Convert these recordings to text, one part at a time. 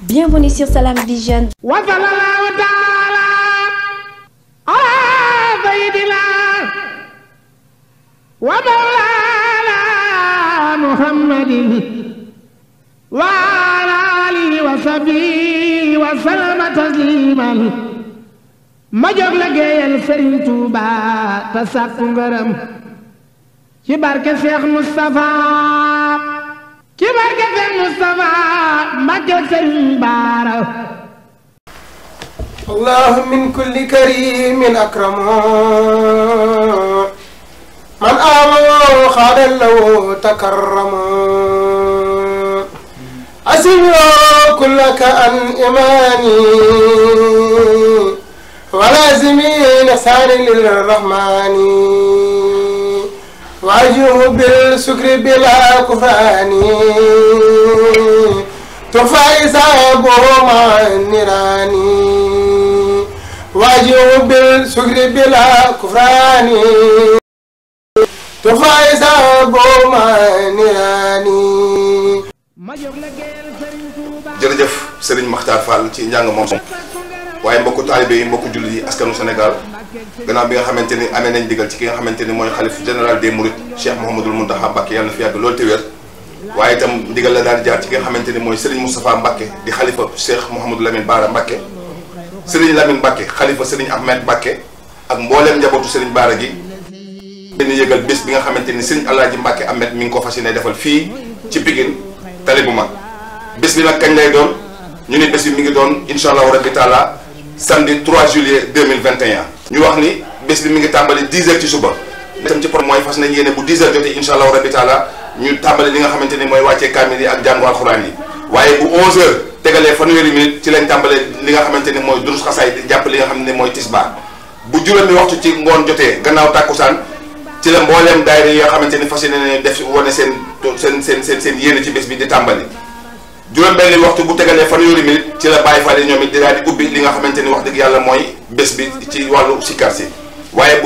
Bienvenue sur Salam Vision. Wa sallallahu ta'ala ala sayyidina wa mawlana Muhammadin wa ala alihi wa sahbihi wa sallama tasliman ma jóg liggéeyal Sëriñ Tuuba ta sàkku ngërëm ci barke Cheikh Moustapha ci barke Seex Mustafa Mbàkke Sëriñ Baara الله من كل كريم أكرم من آمن خال له تكرم أسلم كلك عن إيماني ولازمين سار للرحمن واجره بالسكر بلا كفاني ترفع إسابه مع النيران واجره بالسكر بلا كفران ترفع إسابه مع النيران jërëjëf Serigne Makhtar Fall ci njàng moom waaye mbokku taalibe yi mbokku jullit yi askanu Sénégal gannaaw bi nga xamante ni amee nañ digal ci ki nga xamante ni mooy xalif général des Mourides Cheikh Mouhamadul Mountakha Mbacké yàlla na fi yàgg loolu te wér waaye itam ndigal la daal di jaar ci ki nga xamante ni mooy Serigne Moustapha Mbacké di xalifa Cheikh Mouhamadou Lamine Bara Mbacké Serigne Lamine Mbacké xalifa Serigne Ahmed Mbacké ak mbooleem njabootu Serigne baara gi ni yëgal bés bi nga xamante ni Serigne Alaaji Mbacké Ahmed mi ngi ko fas yéene fii ci Pikine tali bu mag bés bi nag kañ lay doon ñu ne bés bi ngi doon incha allahu rabbi taala samedi 3 juillet 2021 ñu wax ni bés bi mi ngi tàmbali 10 heures ci suba tam ci problème mooy fas nañ yéene bu 10 heures jotee incha allahu rabi taala ñu tàmbali li nga xamante ni mooy wàccee kaamil yi li nga xamante ni mooy xam ne mooy tisbaar bu juróomi waxtu ci ngoon jotee gannaaw tàkkusaan ci la mbooleem daayira yi nga xamante ni fas yéene def wane seen seen seen seen seen yéene ci bés bi di tàmbali juróom-benn waxtu bu tegalee fanweeri minute ci la Baye Fall ñoom it daal di ubbi li nga xamante wax dëgg yàlla mooy bés bi ci wàllu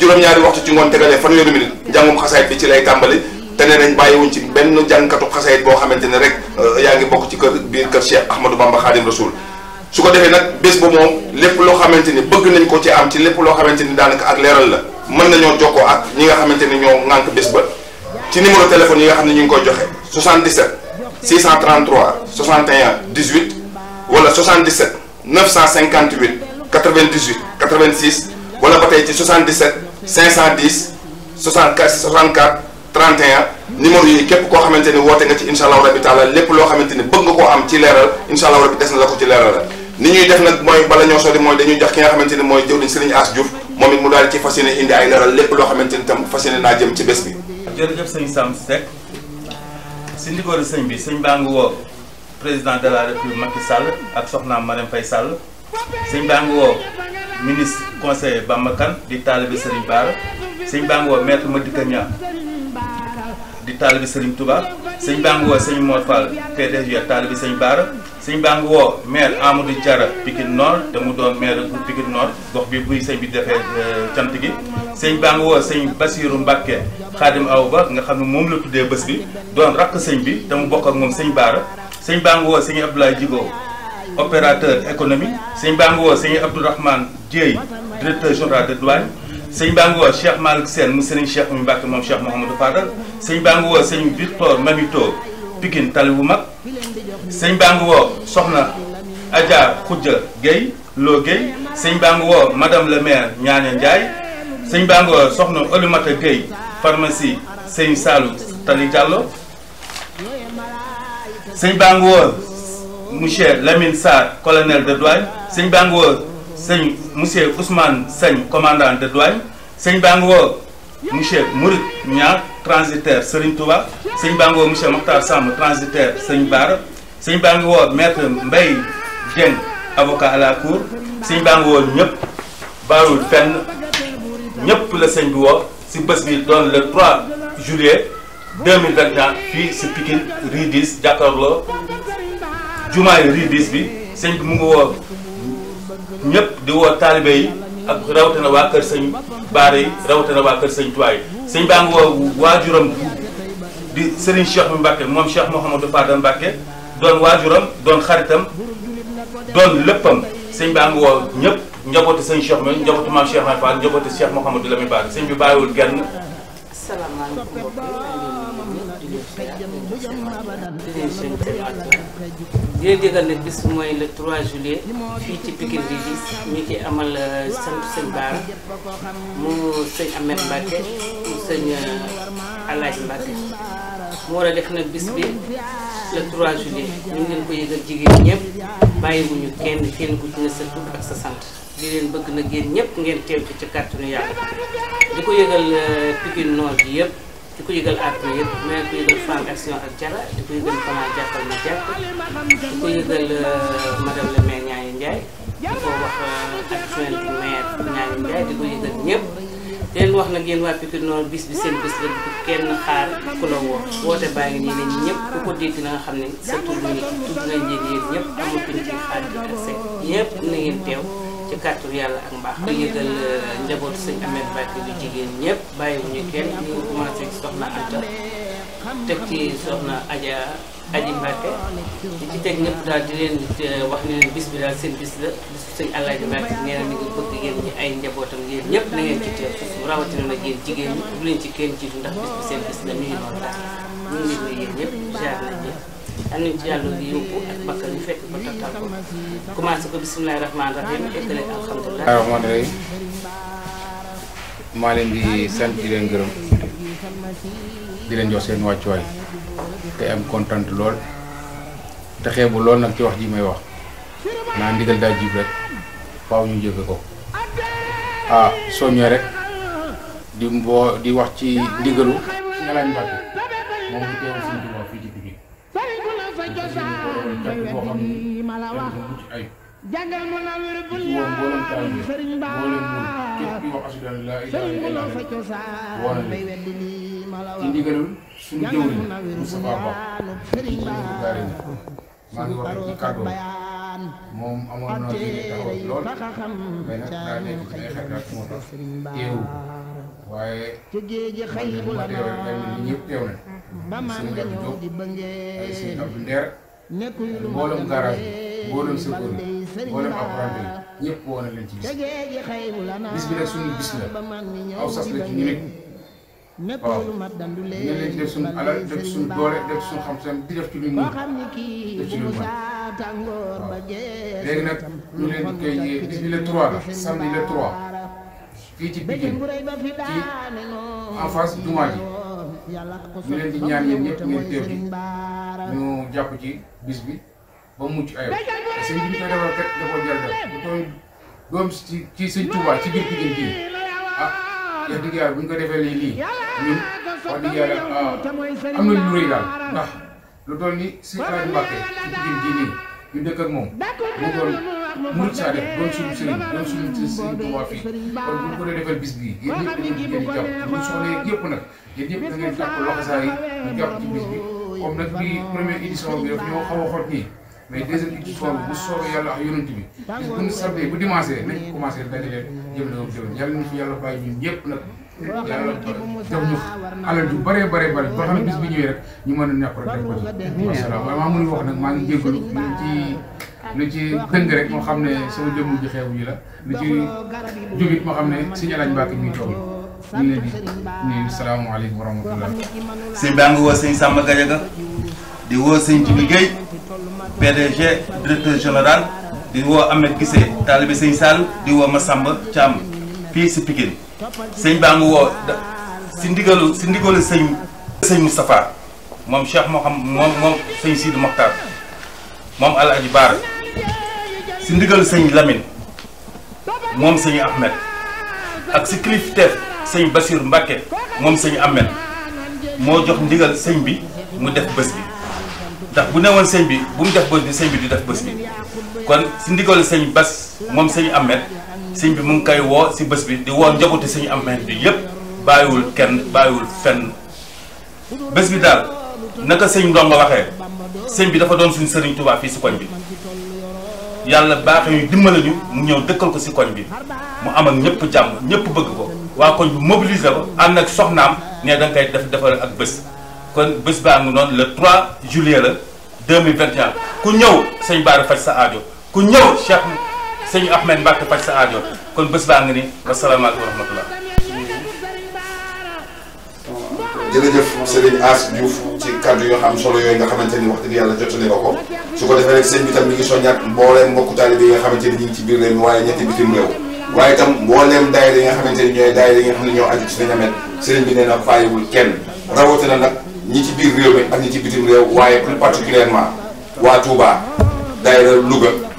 juróom-ñaari waxtu ci ngoon tegalee fanweeri minute njàngum xasaayit bi ci lay tàmbali te nee nañ bàyyiwuñ ci benn jàngkatu xasaayit boo xamante ne rek euh, yaa ngi bokk ci kër biir kër Cheikh Ahmadou Bamba Khadim Rasoul su ko defee nag bés ba moom lépp loo xamante ni bëgg nañ ko ci am ci lépp loo xamante ni daanaka ak leeral la mën nañoo ko ak ñi nga xamante ni ñoo ŋànk bés ba ci numéro téléphone yi nga xam ñu ngi koy joxe 77 633 61 18 wala 77 958 98 86 wala ba tey ci 77 510 64 64 31 numéro yi képp koo xamante ni woote nga ci incha allahu rabi taala lépp loo xamante ni bëgg nga koo am ci leeral incha allahu rabi des na la ko ci leeral ni ñuy def nag mooy bala ñoo sori mooy dañuy jox ki nga xamante ni mooy jëwriñ Serigne As Diouf moom loo xamante ni tam fas yéene naa jëm ci bés bi. si ndigalu sëñ bi sëñ baa ngi woo président de la république Macky Sall ak soxnaam Marème fay Sall sëñ baa ngi woo ministre conseiller Bamba Kane di taalibe Serigne Bara sëñ baa ngi woo maître Madické Niang di taalibe Serigne tubaab sëñ baa ngi woo sëñ Mor Fall PDG taalibe Sëñ Bara sëñ baa ngi woo maire Amadou Diarra Pikine Nord te doon maire bu Pikine Nord gox bi buy sëñ bi defee euh, cant gi sëñ baa ngi woo sëñ Basiirou Mbacke Xaadim Aw Ba nga xam ne moom la tuddee bés bi doon rakk sëñ bi te mu bokk ak moom sëñ Baara sëñ baa ngi woo sëñ Abdoulaye Djigo opérateur économie sëñ baa ngi woo sëñ Abdourahmane Dieye directeur général de douane sëñ baa ngi woo Cheikh Malick Sène mu sëriñ Cheikh mu Mbacke moom Cheikh Mouhamadou Fadal sëñ baa ngi woo sëñ Victor Mamito tali bu mag sëñ baa ngi woo soxna Adja Khoudia Guèye Lo Guèye sëñ baa ngi woo madame le maire Ñaane Ndiaye sëñ baa ngi woo soxna Olumata Guèye pharmacie sëñ Saalu Tali Diallo sëñ baa ngi woo monsieur Lamine Sarr colonel de douane sëñ baa ngi woo sëñ monsieur Ousmane Sègne commandant de douane sëñ baa ngi woo monsieur Mourid Niang transitaire Serigne Touba sëñ baa ngi woo monsieur Mokhtar Samb transitaire sëñ Baara sëñ baa ngi woo maître mbay Dieng avocat à la cour sëñ baa ngi woo fenn ñëpp la sëñ bi woo si bës bi doon le 3 juillet 2021 fii si Pikine rue 10 jàkkaarloo jumaay rue bi sëñ bi mu ngi woo ñëpp di woo taalibe yi ak rawatina waa kër sëñ Baara yi rawatina waa kër sëñ Tuwaay sëñ baa ngi woo waajuram di Serigne Cheikh Mbacke moom Cheikh Mouhamadou Fadal Mbacke doon waajuram doon xaritam doon léppam sëñ baa ngi woo ñëpp njabootu sëñ Cheikh ma njabootu maam Cheikh Mahi Fall njabootu Cheikh Mouhamadou Lamine Bara sëñ bi bàyyiwul genn di leen yëgal ne bis mooy le 3 juillet fii ci Pikine bi bis ñu ci amal euh, sant sëñ mu sëñ Ahmed Mbacke mu sëñ euh, Alaaji mu war a def na bis bi le 3 juillet ñu ngi leen ko yëgal jigéen ñëpp bàyyiwuñu kenn kenn ku ci ne sa tur ak sa sant di leen bëgg na yéen ñëpp ngeen teew ci ci kàttanu yàlla di ko yëgal euh, Pikine Nord yi yëpp di ko yëgal àdduna yëpp mais di ko yëgal Femme Action ak Jara di ko yëgal Fama jàppal ma jàpp di ko yëgal euh, madame le maire Niaye Ndiaye di ko wax euh, adjoint du maire Niaye di ko yëgal ñëpp leen wax na yéen waa Pikine noonu bis bi seen bis la bu kenn xaar ku la woo woote baa ngi nii nañ ñëpp ku ko dégg na nga xam ne sa tur bi nii tudd nañ leen ñëpp amul kuñ ci xaar bi ak seen ñëpp teew ci kàttu yàlla ak mbaax di yëgal euh, njabootu sëñ Amet Mbàkke bi jigéen ñëpp bàyyiwuñu kenn ñu ngi commencé ci soxna Anta teg ci soxna Adja Adji Mbacke di ci teg ñëpp daal di leen eh, wax ne leen bis seen bis la bisu sëñ Alaaji Mbacke nee na mi ngi bëgg yéen ñi ay njabootam yéen ñëpp ngeen jiitu ndax bis bi seen bis la mi ngi noonu daal ñu ngi nuyu yéen ñëpp jaar nañ ñëpp am nañ ci yàlla bi yóbbu ak bakkal ñu fekk ko tattal ko commencé ko bisimilahi rahmaani rahim eggale alhamdulilah rahmaani rahim maa leen di sant di di leen jox seen wàccuwaay te am kontaan lool te xeebu lool nag ci wax ji may wax naa ndigal daa jib rek faaw ñu jëfe ko ah soññee rek di mboo di wax ci ndigalu Ngalañ Mbàkke moom mu ci ndigalul suñu jëwriñ Moustapha Ba ci maa moom amoon na fi taxaw lool mais nag daa nekk ay xeetat moo tax teewu waaye man ma teew rek day mel ni bi mboolem secours bi mboolem apprenti bi ñëpp woo bi la aw sas la ci ñu ne lu mat dandu leen ñu def suñu alal def suñu doole def suñu xam-xam di def ci lu mu def ci nag ñu leen di koy yee depuis le 3 la samedi le 3 fii ci Pikine ci en face jumaa ji ñu leen di ñaan yéen ñëpp ngeen teew ci ñu jàpp ci bis bi ba mucc ayib parce que li ñu koy defal kat doom ci ci sëñ Tuubaa ci biir Pikine bii ah yaa dëgg yàlla bu ñu ko defee lii lii. ñun wax dëgg yàlla ah, am na lu rëy daal ndax lu doon ni si rajo Mbàkke ci jigéen ji nii ñu dëkk ak moom mu doon murit saa def doon suñu sëriñ doon suñu sëriñ Tuubaa fii bis da ngeen jàpp loxo bi comme nag bii première édition bi daf ñoo xaw a xot nii mais deuxième édition bi bu soobee yàlla ak yonent bi bis bu ñu sabee bu dimanche nañ commencé dajale na ñu fi yàlla bàyyi ñun ñëpp nag yàlla jox ñu alal ju bëree bëri bëri boo xam ne bis bi ñëwee rek ñu mën a nekk rek ko ci masalaam waaye maa mënuy wax nag maa ngi jégalu lu ci lu ci dëng rek moo xam ne sama jëmm ji xeewu ji la lu ci jubit moo xam ne suñu alañ mbàkk mi toog ñu ngi leen di nuyu salaamaaleykum wa rahmatulah. sëñ baa ngi woo sëñ Samba Gadiaga di woo sëñ Jibi Guèye PDG directeur général di woo Ahmed Guissé taalibe sëñ Sall di woo Massamba Thiam fii si Pikine. sëñ baa ngi woo si ndigalu si ndigalu sëñ sëñ Moustapha moom Cheikh moo xam moom moom sëñ Sidi Mokhtar moom Alaaji Baara si ndigalu sëñ lamin moom sëñ Ahmed ak si kilifteef sëñ Basir Mbacke moom sëñ Ahmed moo jox ndigal sëñ bi mu def bés bi ndax bu woon sëñ bi bu mu def bés bi sëñ bi du def bés bi kon si ndigalu sëñ Bas moom sëñ Ahmed sëñ bi mu ngi koy woo si bés bi di woo njabootu sëñ am meen bi yëpp bàyyiwul kenn bàyyiwul fenn bés bi daal naka sëñ ndongo waxee sëñ bi dafa doon suñu sëriñ Tuubaa fii si koñ bi yàlla baaxee ñu dimbale ñu mu ñëw dëkkal ko si koñ bi mu am ak ñëpp jàmm ñëpp bëgg ko waa koñ mobiliser ko ànd ak soxnaam ne da nga koy def defar ak bés kon bés baa ngi noonu le 3 juillet la 2021 ku ñëw sëñ Bara faj sa aajo ku ñëw Cheikh señ Ahmed Mbacke faj sa aajo kon bés baa ngi ni wasalaamaaleykum wa rahmatullah. jërëjëf Serigne As Diouf ci kàddu yoo xam solo yooyu nga xamante ni wax dëgg yàlla jotali nga ko su ko defee rek sëñ bi tam mi ngi soññaat mbooleem mbokku taalibe yi nga xamante ni ñu ngi ci biir réew mi waaye ñetti bitim réew waaye itam mbooleem daayira yi nga xamante ni ñooy daayira yi nga xam ne ñoo aju ci Sëriñ Ahmed sëriñ bi nee na bàyyiwul kenn rawatina nag ñi ci biir réew mi ak ñi ci bitim réew waaye plus particulièrement waa Touba daayira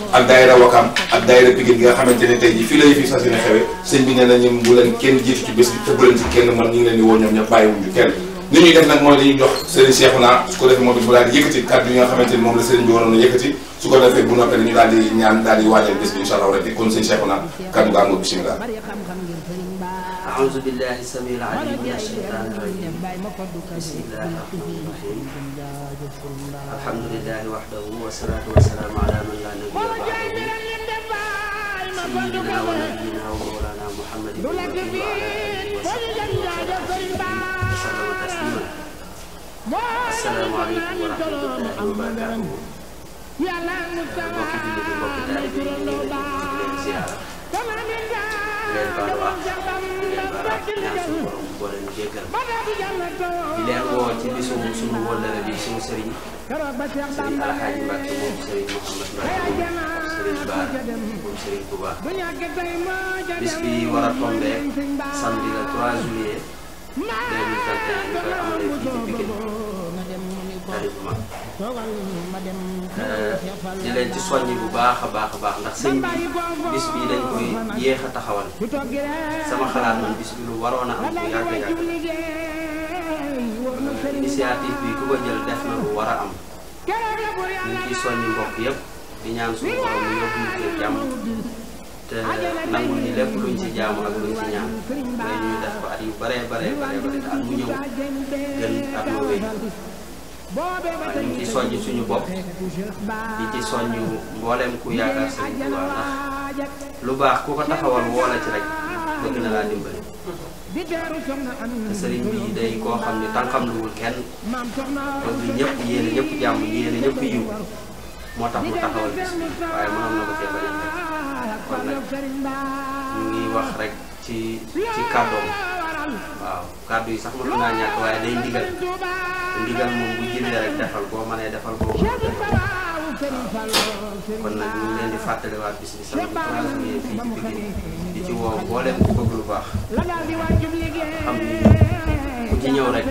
ak daayira Wakam ak daayira Pikine nga xamante ne tey jii fii la yëf yi sas yi ne xewe sëñ bi nee na ñoom bu leen kenn jiitu ci bés bi te bu leen ci kenn man ñu ngi leen di woo ñoom ñëpp bàyyiwuñ ñu kenn li ñuy def nag mooy dañuy jox Serigne Cheikhouna su ko defee moom mu daal di yëkkati kàddu yi nga xamante ni moom la Serigne bi waroon na yëkkati su ko defee bu noppee dañu daal di ñaan daal di waajal bés bi incha allah rek kon Serigne Cheikhouna kàddu gaa محمد السلام عليكم ورحمة الله وبركاته mbokki jullit yi mbokki taalibe yi ñu ngi leen di leen ziar di leen baal wax di leen baal wax ñaan suñu borom boo leen jéggal di leen woo ci bisu suñu wóllare bi suñu sëriñ sëriñ Alxaaji Mbàkke moom sëriñ Mouhamed Mbàkke Serigne Bara moom Serigne Touba bis bi war a tombé samedi le 3 juillet 2021 ci Pikine bu baax a baax a baax ndax sëñ bi bis bi dañ koy yéex a taxawal sama xalaat man bis bi lu waroon am bu yàgg yàgg initiative bi ku ko jël def na lu war a am ñu ci soññi mbokk yépp di ñaan suñu borom ci jàmm te nangu ñu lépp luñ ci jaamu ak luñ ci ñaan day ñuy def ko at yu baree baree baree bare te at mu ñëw gën at mu wéy ci soññ suñu bopp di ci soññ mbooleem ku yaakaar sëñ Tuubaa ndax lu baax ku ko taxawal woo la ci rek bëgg na laa dimbali te sëriñ bi day koo xam ne tànqam luwul kenn bëgg ñëpp yéene ñëpp jàmm yéene ñëpp yiw moo tax mu taxawal bis bi waaye mënoon na ko fekk kon ngi wax rek ci ci kàddoom waaw kàddu yi sax mën naa ñàkk waaye day ndigal ndigal moom bu jëlee rek defal boo mënee defal boo mën kon nag ñu leen di fàttaliwaat bis bi samedi 3 juillet fii ci Pikine di ci woo mboolem ku bëgg lu baax xam ni ku ci ñëw rek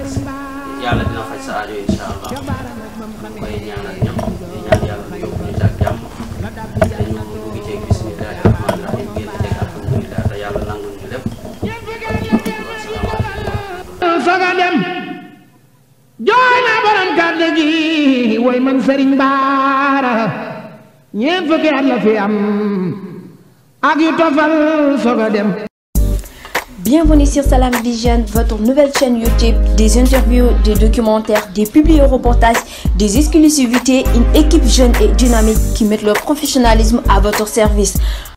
yàlla dina faj sa aajo incha allah ñu koy ñaanal ñëpp soga dem jooy naa borom kàddu gi way man sëriñ baara at la fi am ak yu tofal soga dem Bienvenue votre nouvelle chaîne YouTube, des interviews, des documentaires, des publi des exclusivités, une équipe jeune et dynamique qui met leur professionnalisme à votre service.